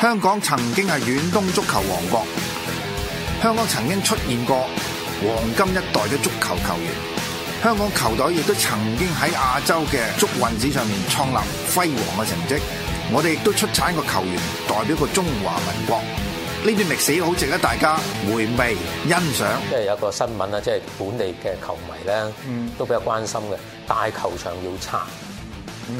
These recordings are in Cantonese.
香港曾經係遠東足球王國，香港曾經出現過黃金一代嘅足球球員，香港球隊亦都曾經喺亞洲嘅足運史上面創立輝煌嘅成績。我哋亦都出產個球員代表過中華民國，呢段歷史好值得大家回味欣賞。即係有一個新聞啦，即係本地嘅球迷咧，都比較關心嘅，嗯、大球場要拆。嗱、嗯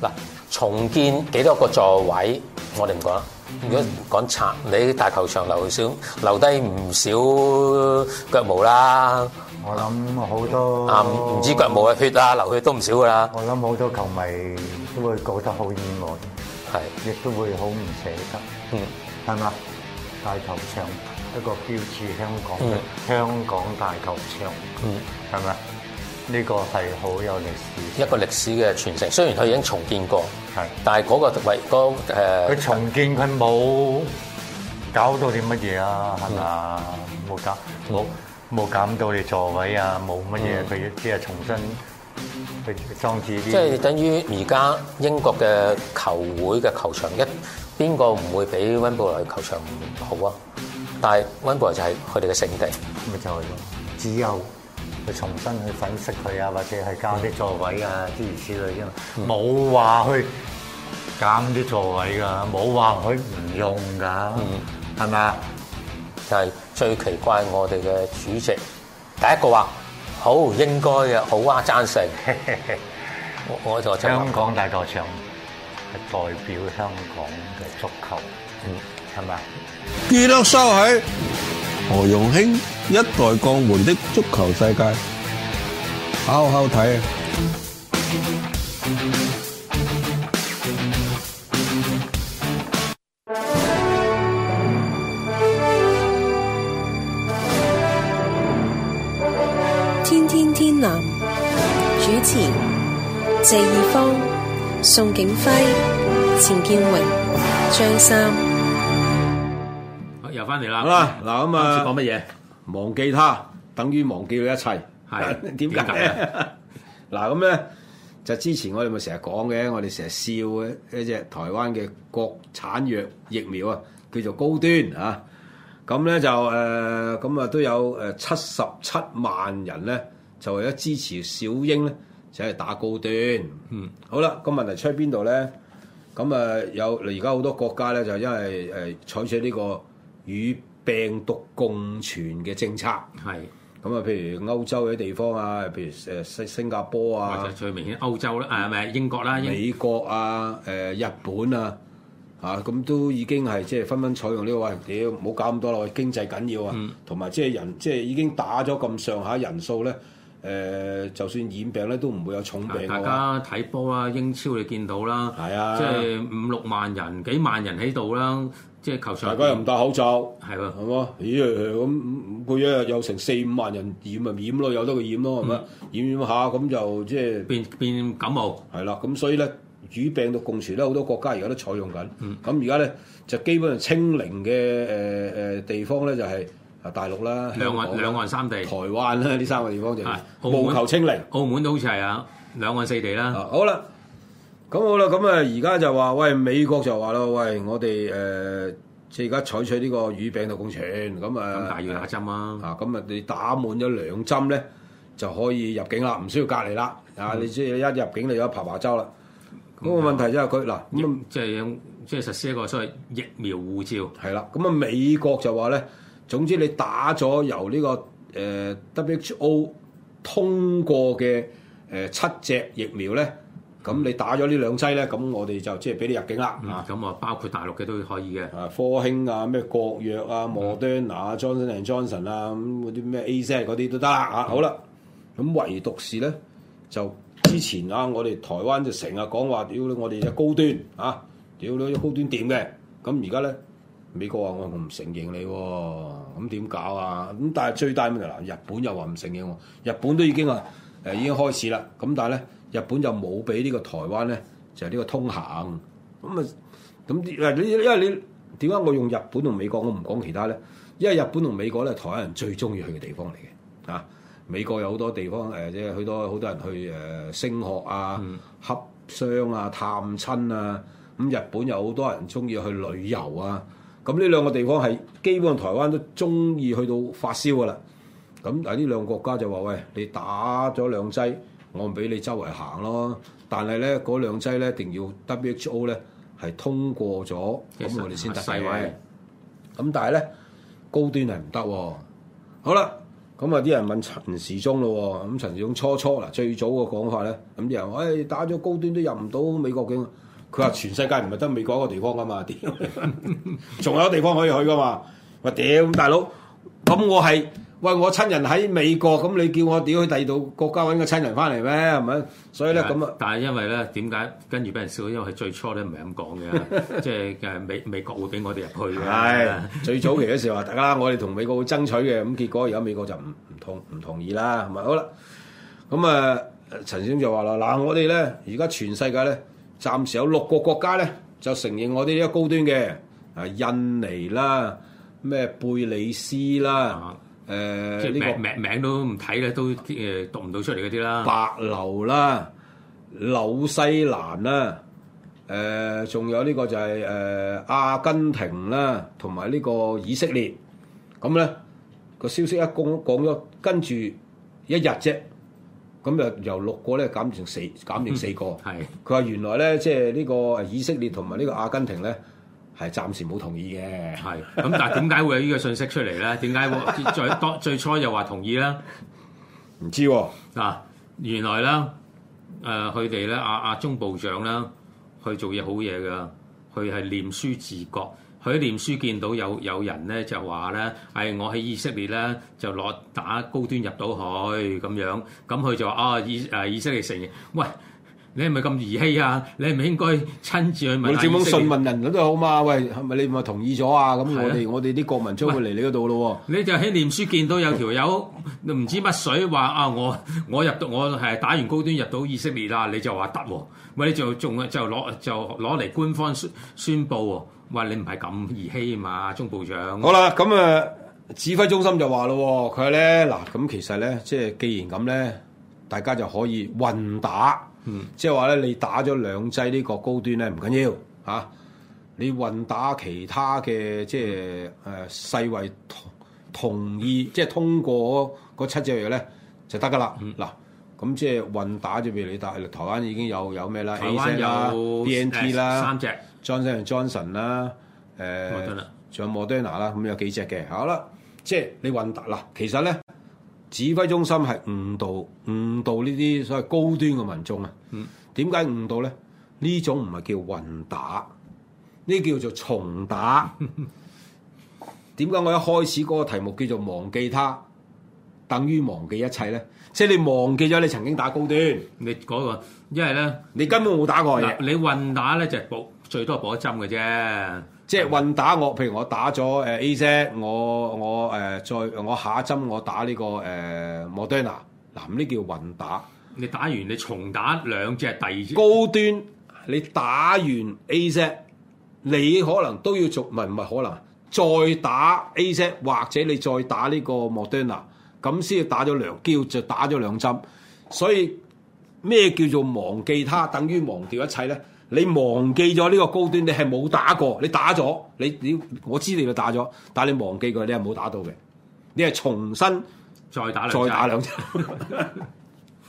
哼。重建幾多個座位，我哋唔講啦。如果講拆，你大球場留少，留低唔少腳毛啦。我諗好多唔、嗯、知腳毛嘅血啦，流血都唔少㗎啦。我諗好多球迷都會覺得好意外，係嘅，亦都會好唔捨得，嗯，係嘛？大球場一個標誌香港嘅、嗯、香港大球場，嗯，係嘛？呢個係好有歷史，一個歷史嘅傳承。雖然佢已經重建過，係是，但係嗰、那個位，嗰、那、佢、個、重建佢冇搞到啲乜嘢啊？係嘛、嗯，冇搞，冇冇減到你座位啊，冇乜嘢。佢只係重新去裝置啲。即係等於而家英國嘅球會嘅球場，一邊個唔會比溫布萊球場好啊？但係溫布萊就係佢哋嘅聖地，咪就係咯，只有。去重新去粉飾佢啊，或者係加啲座位啊，嗯、諸如此類嘅，冇話、嗯、去減啲座位㗎，冇話、嗯、去唔用㗎，係咪啊？吧就係最奇怪，我哋嘅主席第一個話好應該嘅，好啊贊成。 我我就香港大球場係代表香港嘅足球，係咪、嗯？記錄收起，何用興。一代降門的足球世界，好好睇啊！天天天藍主持謝義方、宋景輝、陳建榮、張三，又好又翻嚟啦！好啦，嗱咁啊，講乜嘢？忘記他等於忘記咗一切，係點解？嗱咁咧就之前我哋咪成日講嘅，我哋成日笑嘅一隻台灣嘅國產藥疫苗啊，叫做高端啊。咁咧就誒，咁、呃、啊都有誒七十七萬人咧，就為咗支持小英咧，就係、是、打高端。嗯，好啦，個問題出喺邊度咧？咁啊有而家好多國家咧，就因為誒採、呃、取呢個與病毒共存嘅政策係咁啊，是譬如歐洲嘅地方啊，譬如誒新新加坡啊，就最明顯歐洲啦，係咪、嗯啊、英國啦、啊，英國啊、美國啊，誒、呃、日本啊，嚇、啊、咁都已經係即係紛紛採用呢個話，屌唔好搞咁多啦，經濟緊要啊，同埋即係人即係、就是、已經打咗咁上下人數咧，誒、呃、就算染病咧都唔會有重病。大家睇波啦，英超你見到啦，啊、即係五六萬人、幾萬人喺度啦。即係球場，大家又唔戴口罩，係啊的，係嘛？咦、哎，咁一日有成四五萬人染，咪染咯，有得佢染咯，係咪、嗯？染染下咁就即係變變感冒，係啦。咁所以咧，與病毒共存咧，好多國家而家都在採用緊。嗯，咁而家咧就基本上清零嘅誒誒地方咧，就係啊大陸啦，兩岸港兩岸三地，台灣啦，呢三個地方就係、是、澳務求清零，澳門都好似係啊兩岸四地啦、啊。好啦。哦好咁好啦，咁啊而家就話喂，美國就話咯，喂，我哋誒，即係而家採取呢個與病毒共存，咁誒、啊，大約打針啦，吓，咁啊你打滿咗兩針咧，就可以入境啦，唔需要隔離啦，啊，你即係一入境你有個爬爬洲啦。咁、嗯、個問題就係佢嗱，咁疫樣即係即係實施一個所謂疫苗護照，係啦，咁啊美國就話咧，總之你打咗由呢、這個誒、呃、WHO 通過嘅誒、呃、七隻疫苗咧。咁你打咗呢兩劑咧，咁我哋就即係俾你入境啦。啊、嗯，咁、嗯、啊，包括大陸嘅都可以嘅。啊，科興啊，咩國藥啊，Moderna 啊，Johnson and Johnson 啊，咁嗰啲咩 AZ 嗰啲都得啊。好啦，咁唯獨是咧，就之前啊，我哋台灣就成日講話，屌你，我哋嘅高端啊，屌你，高端掂嘅。咁而家咧，美國話我唔承認你，咁點搞啊？咁、啊、但係最大問題就嗱，日本又話唔承認我，日本都已經啊。誒已經開始啦，咁但係咧，日本就冇俾呢個台灣咧，就係、是、呢個通行。咁啊，咁誒你因為你點解我用日本同美國，我唔講其他咧？因為日本同美國咧，係台灣人最中意去嘅地方嚟嘅。啊，美國有好多地方誒，即係好多好多人去誒、呃、升學啊、洽、嗯、商啊、探親啊。咁、嗯、日本有好多人中意去旅遊啊。咁呢兩個地方係基本上台灣都中意去到發燒㗎啦。咁啊！呢兩個國家就話：喂，你打咗兩劑，我唔俾你周圍行咯。但係咧，嗰兩劑咧，一定要 WHO 咧係通過咗，咁我哋先得位。」咁但係咧，高端係唔得。好啦，咁啊啲人問陳時中咯。咁陳時中初初嗱最早嘅講法咧，咁啲人，哎，打咗高端都入唔到美國境。佢話：全世界唔係得美國一個地方噶嘛？點？仲 有地方可以去噶嘛？喂，屌，大佬，咁我係。喂，我親人喺美國，咁你叫我點去第二度國家揾個親人翻嚟咩？係咪？所以咧咁啊，但係因為咧點解跟住俾人笑？因為佢最初咧唔係咁講嘅，即係誒美美國會俾我哋入去嘅。的嗯、最早期嗰時話， 大家我哋同美國會爭取嘅，咁結果而家美國就唔唔同唔同意啦，係咪？好啦，咁、嗯、啊、嗯，陳總就話啦，嗱，我哋咧而家全世界咧暫時有六個國家咧就承認我哋呢個高端嘅，啊印尼啦，咩貝里斯啦。啊誒即係名名名都唔睇咧，都誒讀唔到出嚟嗰啲啦，這個、白流啦、紐西蘭啦，誒、呃、仲有呢個就係、是、誒、呃、阿根廷啦，同埋呢個以色列，咁咧個消息一公講咗，跟住一日啫，咁就由六個咧減成四，減成四個。係佢話原來咧，即係呢個以色列同埋呢個阿根廷咧。係暫時冇同意嘅，係 咁，但係點解會有呢個信息出嚟咧？點解再多最初又話同意啦？唔知嗱、啊啊，原來咧，誒佢哋咧，阿阿、啊啊、中部長咧，去做嘢好嘢噶，佢係念書治國，佢念書見到有有人咧就話咧，係、哎、我喺以色列咧就落打高端入到去咁樣，咁佢就話啊意誒以，啊、以色列承認，喂！你係咪咁兒戲啊？你係咪應該親自去問？你只翁信問人咁都好嘛？喂，係咪你咪同意咗啊？咁我哋我哋啲國民將會嚟你嗰度咯！你就喺臉書見到有條友唔知乜水話啊！我我入到我係打完高端入到以色列啦！你就話得喎？喂，你就仲就攞就攞嚟官方宣宣佈喎？喂，你唔係咁兒戲嘛，鐘部長？好啦，咁誒指揮中心就話啦喎，佢係咧嗱，咁其實咧即係既然咁咧，大家就可以混打。嗯、即係話咧，你打咗兩劑呢個高端咧唔緊要嚇、啊，你混打其他嘅即係誒、呃、世衞同同意即係通過嗰七隻藥咧就得㗎啦。嗱、嗯，咁、啊、即係混打咗俾你打，台灣已經有有咩啦？有 BNT 啦，三隻 Johnson、Johnson 啦、呃，誒、啊，仲有 Moderna 啦，咁有幾隻嘅？好、啊、啦，即係你混打啦，其實咧。指揮中心係誤導誤導呢啲所謂高端嘅民眾啊，點解、嗯、誤導咧？呢種唔係叫混打，呢叫做重打。點解 我一開始嗰個題目叫做忘記他，等於忘記一切咧？即係你忘記咗你曾經打高端，你嗰個一係咧，你根本冇打過，你混打咧就補最多補一針嘅啫。即係混打我，我譬如我打咗誒 AZ 我我誒、呃、再我下一針我打呢、這個誒 Moderna 嗱呢叫混打。你打完你重打兩隻，第二隻。高端，你打完 AZ 你可能都要做，唔係唔係可能再打 AZ 或者你再打呢個 Moderna 咁先至打咗兩，叫就打咗兩針。所以咩叫做忘記他，等於忘掉一切咧？你忘記咗呢個高端，你係冇打過。你打咗，你你我知道你哋打咗，但係你忘記過，你係冇打到嘅。你係重新再打兩，再打兩次。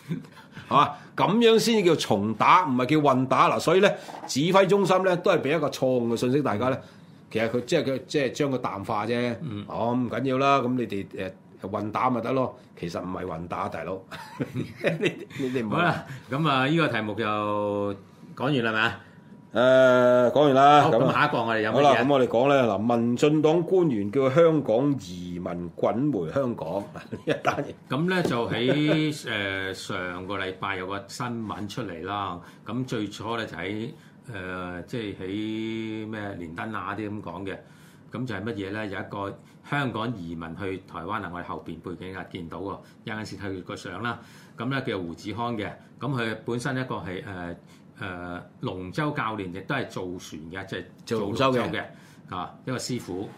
係嘛？咁樣先叫重打，唔係叫混打嗱。所以咧，指揮中心咧都係俾一個錯誤嘅信息，大家咧，其實佢即係佢即係將佢淡化啫。嗯，哦唔緊要啦，咁你哋誒混打咪得咯。其實唔係混打，大佬。 你唔好啦吧，咁啊、嗯，呢個題目就。嗯嗯講完啦係咪？誒、呃，講完啦。咁下一個我哋有乜嘢？好啦，咁我哋講咧嗱，民進黨官員叫香港移民滾回香港呢一單。咁咧就喺誒上個禮拜有個新聞出嚟啦。咁最初咧就喺誒即係喺咩連登啊啲咁講嘅。咁就係乜嘢咧？有一個香港移民去台灣啊！我哋後邊背景啊見到喎，有陣時睇佢個相啦。咁咧叫胡志康嘅，咁佢本身一個係誒誒龍舟教練，亦都係造船嘅，即係造龍舟嘅啊一個師傅。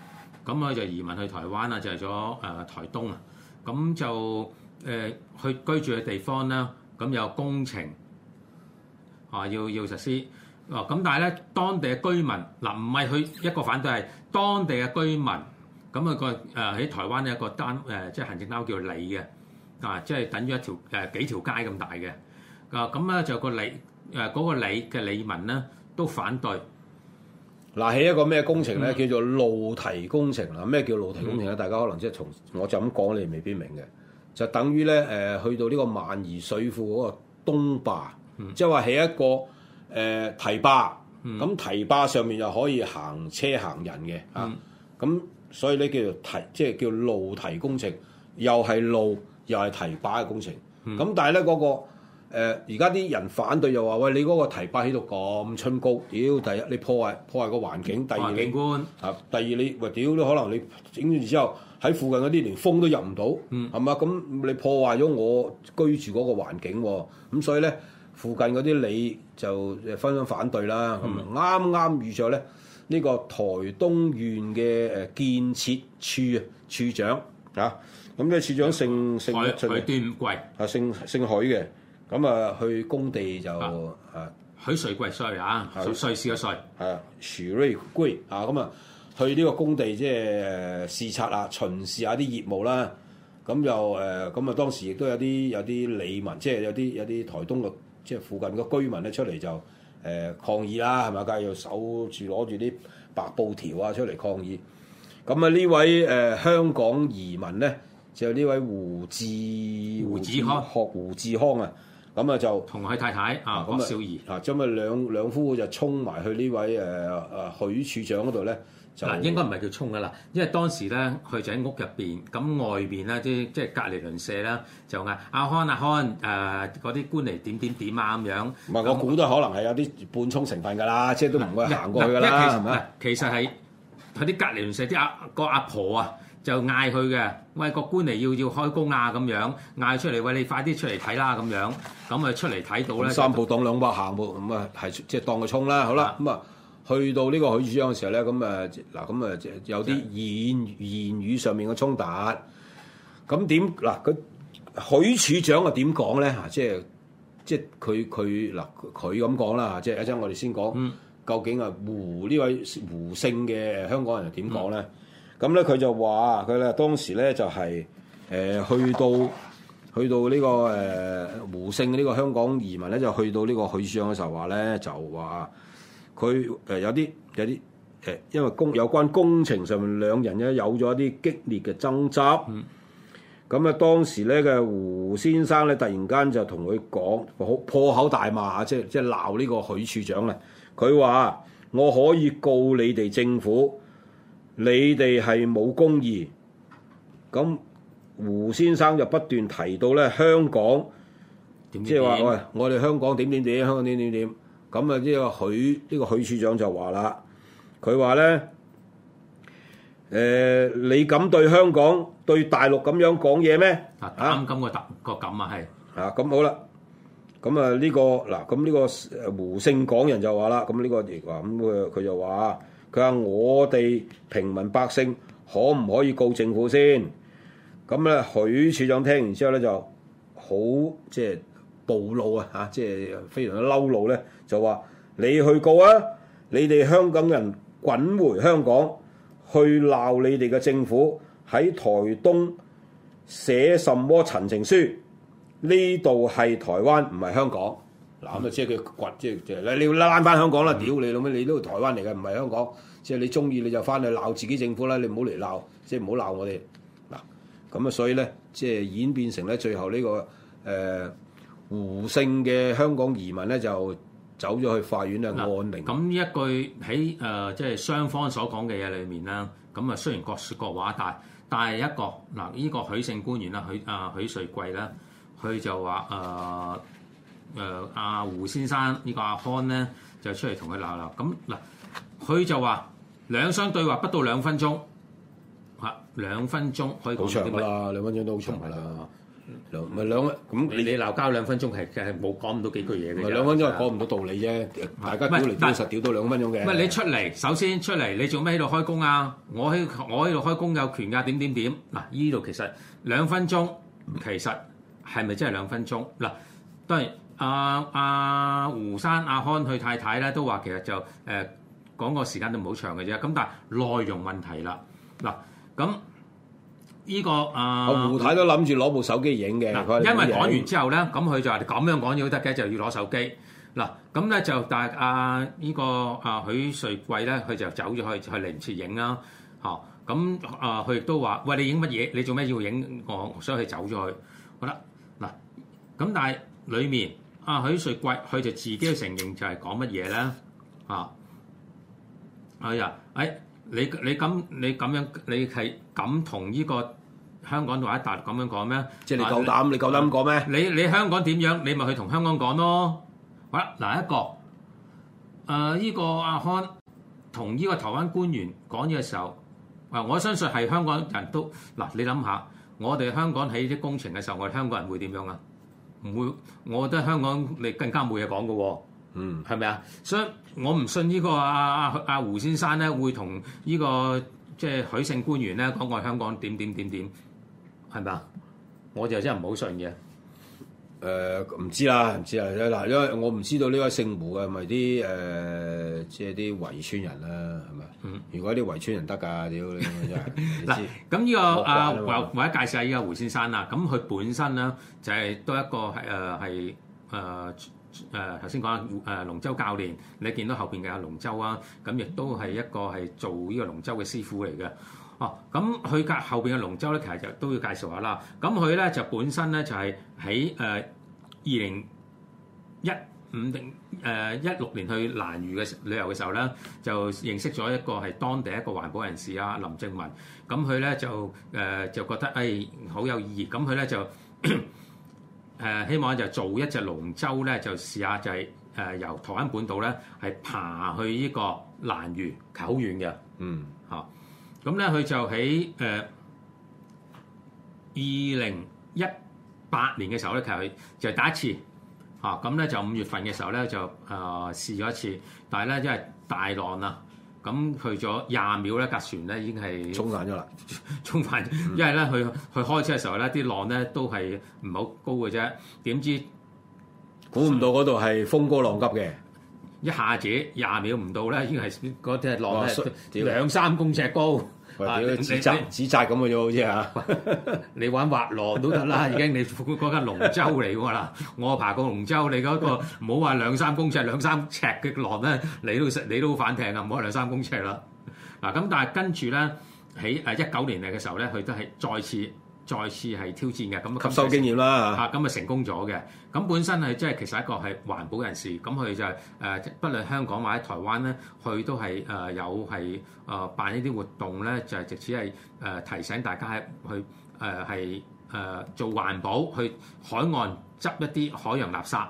咁佢就移民去台灣啊，就係咗誒台東啊。咁就誒去居住嘅地方咧，咁有工程啊，要要實施。哦，咁但係咧，當地嘅居民嗱，唔係佢一個反對，係當地嘅居民咁啊個誒喺台灣一個單誒即係行政單位叫里嘅，啊即係等於一條誒、呃、幾條街咁大嘅，啊咁咧、啊、就個里誒嗰個里嘅里民咧都反對，嗱起、嗯、一個咩工程咧叫做露堤工程啦。咩、啊、叫露堤工程咧？大家可能即係從我就咁講，你未必明嘅，就等於咧誒、呃、去到呢個萬宜水庫嗰個東壩，即係話起一個。誒堤壩，咁堤壩上面又可以行車行人嘅嚇，咁所以呢叫做堤，即係叫路堤工程，又係路又係堤壩嘅工程。咁但係呢嗰個而家啲人反對又話，喂，你嗰個堤壩喺度咁春高，屌！第一，你破壞破壞個環境，環境景觀嚇；第二，你喂屌，你可能你整完之後喺附近嗰啲連風都入唔到，係嘛？咁你破壞咗我居住嗰個環境喎，咁所以呢。附近嗰啲你就紛紛反對啦，咁啱啱遇咗咧呢個台東縣嘅誒建設處啊處長嚇，咁呢處長姓姓段貴，啊姓姓許嘅，咁啊去工地就啊許瑞貴，sorry 帥，係啊，許瑞貴啊，咁啊去呢個工地即係視察啊，巡視下啲業務啦，咁又誒，咁啊當時亦都有啲有啲里民，即係有啲有啲台東嘅。即係附近個居民咧出嚟就誒抗議啦，係咪？梗係要守住攞住啲白布條啊出嚟抗議。咁啊呢位誒香港移民咧，就係呢位胡志胡志康，胡志康啊，咁啊就同佢太太啊少儀啊，咁啊兩兩夫婦就衝埋去呢位誒誒許處長嗰度咧。嗱，應該唔係叫衝㗎啦，因為當時咧，佢就喺屋入邊，咁外邊咧啲即係隔離鄰舍啦，就嗌阿康阿康誒嗰啲官嚟點點點啊咁樣。唔係，我估都可能係有啲半衝成分㗎啦，即係都唔會行過去㗎啦，係咪啊？其實係係啲隔離鄰舍啲阿個阿婆啊，就嗌佢嘅，喂，個官嚟要要開工啦咁樣，嗌出嚟，喂，你快啲出嚟睇啦咁樣，咁啊出嚟睇到咧，三步當兩步行喎，咁啊係即係當佢衝啦，好啦，咁啊。去到呢個許處長嘅時候咧，咁誒嗱，咁誒有啲言言語上面嘅衝突，咁點嗱？佢許處長啊點講咧？嚇，即係即係佢佢嗱佢咁講啦。即係一陣我哋先講，究竟啊胡呢、嗯、位胡姓嘅香港人係點講咧？咁咧佢就話佢咧當時咧就係、是、誒、呃、去到去到呢、這個誒、呃、胡姓嘅呢個香港移民咧，就去到呢個許處長嘅時候話咧，就話。就是佢誒有啲有啲誒，因為工有關工程上面兩人咧有咗一啲激烈嘅爭執。咁咧、嗯、當時咧嘅胡先生咧突然間就同佢講破口大罵，即係即係鬧呢個許處長啦。佢話：我可以告你哋政府，你哋係冇公義。咁胡先生就不斷提到咧香港，點點點即係話喂，我哋香港點點點，香港點點點。咁啊！呢個許呢個許處長就話啦，佢話咧，誒，你敢對香港對大陸咁樣講嘢咩？啊，咁個特個感啊，係啊，咁好啦，咁啊呢個嗱，咁呢個胡姓港人就話啦，咁呢個亦話咁佢佢就話，佢話我哋平民百姓可唔可以告政府先？咁咧，許處長聽完之後咧，就好即係。暴怒啊！嚇，即係非常之嬲怒咧，就話你去告啊！你哋香港人滾回香港去鬧你哋嘅政府，喺台東寫什麼陳情書？呢度係台灣唔係香港嗱咁啊！即係佢掘即係即係你你要拉翻香港啦！屌、嗯、你老味你都台灣嚟嘅，唔係香港，即係你中意你就翻去鬧自己政府啦！你唔好嚟鬧，即係唔好鬧我哋嗱咁啊！所以咧即係演變成咧最後呢、呢個誒。呃胡姓嘅香港移民咧就走咗去法院咧按鈴。咁呢一句喺誒、呃、即係雙方所講嘅嘢裏面啦，咁啊雖然各説各話，但但係一個嗱，呢個許姓官員啦許啊、呃、許瑞貴啦，佢就話誒誒阿胡先生呢個阿康咧就出嚟同佢鬧鬧。咁嗱，佢就話兩相對話不到兩分鐘嚇，兩分鐘可以講出乜好長啦，兩分鐘都好長啦。唔咪兩，咁你你鬧交兩分鐘係係冇講唔到幾句嘢嘅。咪兩分鐘係講唔到道理啫，大家屌嚟屌去，實屌到兩分鐘嘅。唔你出嚟，首先出嚟，你做咩喺度開工啊？我喺我喺度開工有權㗎，點點點嗱，依度其實兩分鐘其實係咪真係兩分鐘嗱？當然阿阿胡山阿康去太太咧都話其實就誒講個時間都唔好長嘅啫，咁但係內容問題啦嗱咁。呢、這個啊，呃、胡太都諗住攞部手機影嘅，喏因為講完之後咧，咁佢、嗯、就話咁樣講嘢都得嘅，就要攞手機。嗱，咁咧就但係阿呢個阿、啊、許瑞貴咧，佢就走咗去嚟唔切影啦。哦，咁啊，佢亦都話：喂，你影乜嘢？你做咩要影我？所以佢走咗去，好啦，嗱，咁但係裡面阿、啊、許瑞貴，佢就自己承認就係講乜嘢咧？啊，哎呀，誒，你你咁你咁樣，你係咁同呢個。香港同一啖咁樣講咩？即係你夠膽？啊、你夠膽講咩？你你香港點樣？你咪去同香港講咯。好、啊、啦，嗱一個，誒、呃、依、這個阿康同呢個台灣官員講嘢嘅時候，嗱，我相信係香港人都嗱、啊、你諗下，我哋香港喺啲工程嘅時候，我哋香港人會點樣啊？唔會，我覺得香港你更加冇嘢講嘅喎。嗯，係咪啊？所以我唔信呢個阿阿阿胡先生咧會同呢、這個即係、就是、許姓官員咧講個香港點點點點。係咪啊？我就真係唔好信嘅。誒唔、呃、知啦，唔知啦。嗱，因為我唔知道呢個姓胡嘅係咪啲誒，即係啲圍村人啦，係咪？嗯、如果啲圍村人得㗎屌你！真係。嗱 咁、這、呢個啊，吧啊，為為咗介紹呢個胡先生啦，咁、啊、佢本身咧就係、是、都一個係誒係誒誒頭先講誒龍舟教練，你見到後邊嘅阿龍舟啊，咁亦都係一個係做呢個龍舟嘅師傅嚟嘅。咁佢、哦、隔後邊嘅龍舟咧，其實就都要介紹下啦。咁佢咧就本身咧就係喺誒二零一五定誒一六年去蘭嶼嘅旅遊嘅時候咧，就認識咗一個係當地一個環保人士啊，林正文。咁佢咧就誒、呃、就覺得誒、哎、好有意義。咁佢咧就誒、呃、希望就做一隻龍舟咧，就試下就係、是、誒、呃、由台灣本島咧係爬去呢個蘭嶼，係好遠嘅，嗯嚇。咁咧，佢就喺誒二零一八年嘅時候咧，其實佢就第一次嚇。咁、啊、咧就五月份嘅時候咧，就誒、呃、試咗一次，但係咧因為大浪啊，咁去咗廿秒咧，架船咧已經係沖散咗啦，沖散。因為咧，佢佢開車嘅時候咧，啲浪咧都係唔好高嘅啫。點知估唔到嗰度係風高浪急嘅。一下子廿秒唔到咧，已經係嗰隻浪係兩三公尺高，嗯 嗯、指責指責咁嘅啫，好似嚇。你玩滑浪都得啦，已經你嗰架龍舟嚟㗎啦。我爬過龍舟，你嗰、嗰個唔好話兩三公尺，兩三尺嘅浪咧，你都你都反艇㗎，唔好話兩三公尺啦。嗱，咁但係跟住咧，喺誒一九年嚟嘅時候咧，佢都係再次。再次係挑戰嘅，咁吸收經驗啦嚇，嚇咁啊成功咗嘅。咁本身係即係其實一個係環保人士，咁佢就誒、係，不論香港或者台灣咧，佢都係誒、呃、有係誒、呃、辦呢啲活動咧，就係直似係誒提醒大家去誒係誒做環保，去海岸執一啲海洋垃圾嚇。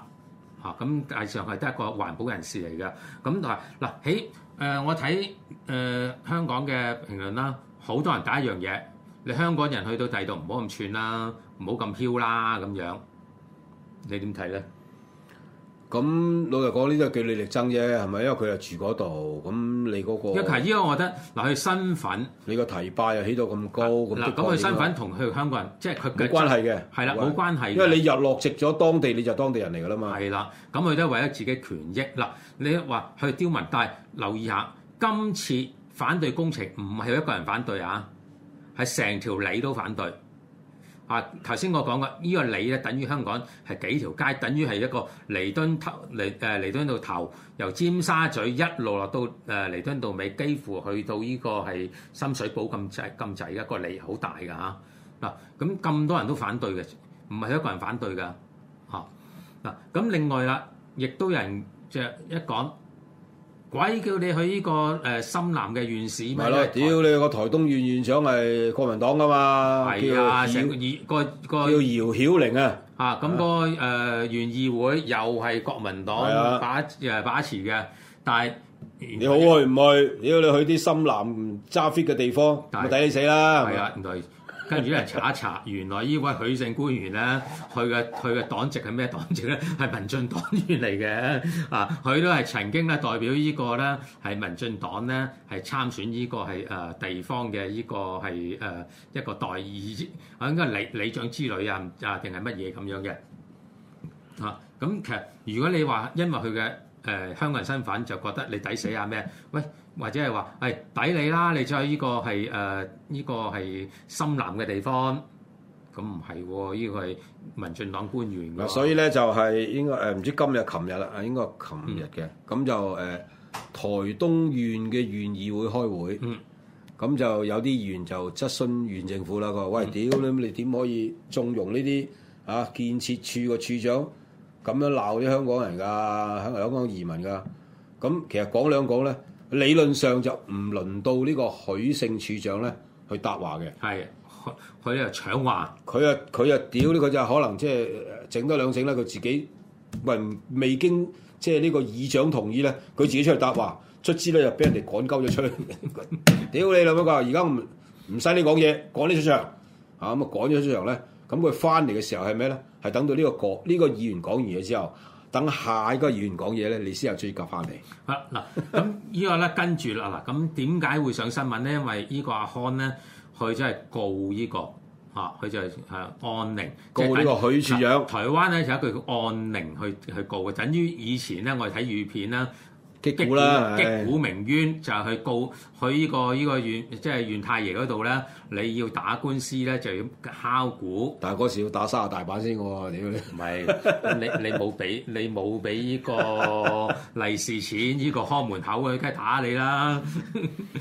咁、啊、大致上係得一個環保人士嚟嘅。咁嗱嗱喺誒我睇誒、呃、香港嘅評論啦，好多人打一樣嘢。你香港人去到第度唔好咁串啦，唔好咁囂啦，咁樣你點睇咧？咁老實講，呢啲叫據理力爭啫，係咪？因為佢又住嗰度，咁你嗰、嗰個一提，因為我覺得嗱，佢身份，你個提拜又起到咁高，咁嗱、啊，咁佢身份同佢香港人即係佢嘅關係嘅，係啦的，冇關係，因為你入落籍咗當地，你就當地人嚟噶啦嘛。係啦，咁佢都係為咗自己權益。嗱、啊，你話去刁民，但係留意下，今次反對工程唔係一個人反對啊。係成條理都反對，啊！頭先我講嘅呢個理咧，等於香港係幾條街，等於係一個彌敦頭，彌誒彌敦道頭，由尖沙咀一路落到誒彌敦道尾，幾乎去到呢個係深水埗咁滯咁滯嘅一個理好大㗎嚇。嗱、啊，咁咁多人都反對嘅，唔係一個人反對㗎，嚇、啊、嗱。咁另外啦，亦都有人著一講。鬼叫你去呢個誒深南嘅縣市咩？係咯，屌你個台東縣縣長係國民黨噶嘛？係啊，嗰個叫姚曉玲啊嚇，咁個誒縣議會又係國民黨把誒把持嘅，但係你好去唔去？屌你去啲深南揸 fit 嘅地方，我抵你死啦！係啊，跟住啲人查一查，原來呢位許姓官員咧，佢嘅佢嘅黨籍係咩黨籍咧？係 民進黨員嚟嘅啊！佢都係曾經咧代表個呢，呢個咧係民進黨咧係參選呢個係誒地方嘅呢個係誒、呃、一個代議啊，應該理理長之類啊啊定係乜嘢咁樣嘅啊？咁、啊啊、其實如果你話因為佢嘅，誒、呃、香港人身份就覺得你抵死啊咩？喂，或者係話係抵你啦，你就喺依個係誒依個係深藍嘅地方，咁唔係喎，依、這個係民進黨官員、啊。所以咧就係、是、應該誒唔知今日、琴日啦，應該琴日嘅，咁、嗯、就誒、呃、台東縣嘅縣議會開會，咁、嗯、就有啲議員就質詢縣政府啦。佢話：喂，屌、嗯、你，你點可以縱容呢啲啊建設處嘅處長？咁樣鬧啲香港人㗎，香港香港移民㗎。咁其實講兩講咧，理論上就唔輪到呢個許盛處長咧去答話嘅。係，佢佢啊搶話。佢啊佢啊屌呢個就可能即係整多兩整咧，佢自己唔未經即係呢個議長同意咧，佢自己出去答話，卒之咧就俾人哋趕鳩咗出去。屌你老母個！而家唔唔使你講嘢，趕呢出場嚇咁啊！趕咗出場咧。咁佢翻嚟嘅時候係咩咧？係等到呢個國呢、呢個議員講完嘢之後，等下一個議員講嘢咧，你先有追及翻嚟、 啊。啊嗱，咁呢個咧跟住啦嗱，咁點解會上新聞咧？因為呢個阿康咧，佢真係告呢、呢個嚇，佢、啊、就係按鈴，即係喺度許處長。台灣咧就一句按鈴去去告嘅，等於以前咧我哋睇預片啦。擊鼓啦，擊鼓鳴冤就係、是、去告去呢、這個依、這個縣，即係縣太爺嗰度咧。你要打官司咧，就要敲鼓。但係嗰時要打三十大板先嘅喎，屌你唔係你是 你冇俾你冇俾呢個利是錢，呢、這個看門口嘅梗係打你啦。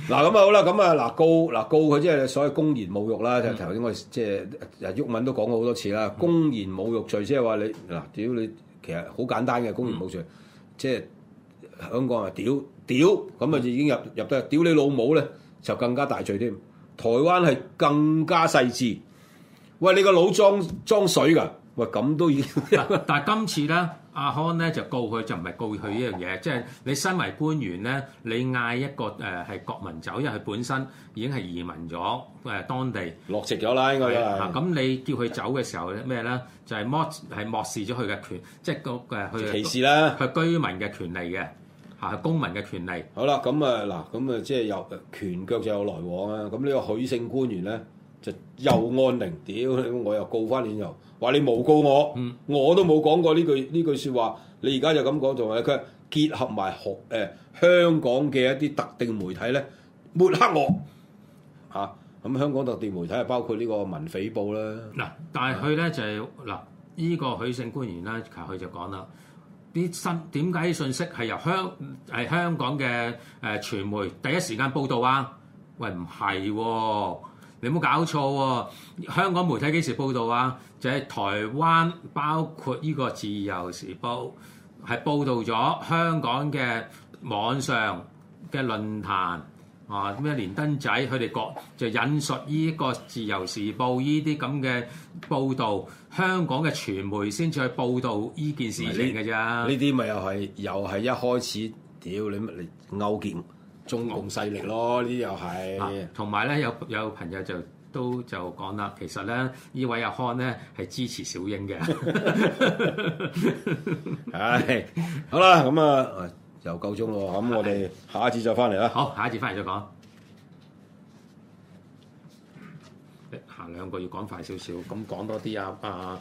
嗱 咁啊好啦，咁啊嗱告嗱告佢即係所謂公然侮辱啦。嗯、就頭先我即係阿鬱文都講過好多次啦。公然侮辱罪即係話你嗱，屌你其實好簡單嘅公然侮辱罪，即、就、係、是。香港啊屌屌咁啊已經入入得屌你老母咧就更加大罪添。台灣係更加細緻，喂，你個腦裝裝水㗎，喂咁都已經。但係今次咧，阿康咧就告佢就唔係告佢呢樣嘢，即係你身為官員咧，你嗌一個誒係國民走，因為佢本身已經係移民咗誒當地落籍咗啦，應該係。咁你叫佢走嘅時候咧咩咧？就係漠係漠視咗佢嘅權，即係個誒佢歧視啦，佢居民嘅權利嘅。嚇公民嘅權利。好啦，咁啊嗱，咁啊即係又拳腳就有來往啊。咁呢個許姓官員咧，就又按鈴，屌！我又告翻你又，話你無告我，嗯、我都冇講過呢句呢句説話，你而家就咁講，仲話佢結合埋學誒、呃、香港嘅一啲特定媒體咧抹黑我嚇。咁、啊、香港特定媒體啊，包括呢個文匯報啦。嗱，但係佢咧就係、是、嗱，呢、這個許姓官員咧，佢就講啦。啲新點解啲信息係由香係香港嘅誒傳媒第一時間報道啊？喂，唔係、啊，你冇搞錯喎、啊！香港媒體幾時報道啊？就係、是、台灣，包括呢個自由時報，係報道咗香港嘅網上嘅論壇。啊！咩連登仔，佢哋國就引述呢個自由時報呢啲咁嘅報道，香港嘅傳媒先至去報道呢件事嚟嘅啫。呢啲咪又係又係一開始屌你咪嚟勾結中共勢力咯？啊、呢啲又係。同埋咧，有有朋友就都就講啦，其實咧，呢位阿漢咧係支持小英嘅。唉， 好啦，咁啊。又夠鐘咯，咁、啊、我哋下一次再返嚟啦。好，下一次返嚟再講。下兩個要趕快少少，咁講多啲啊！啊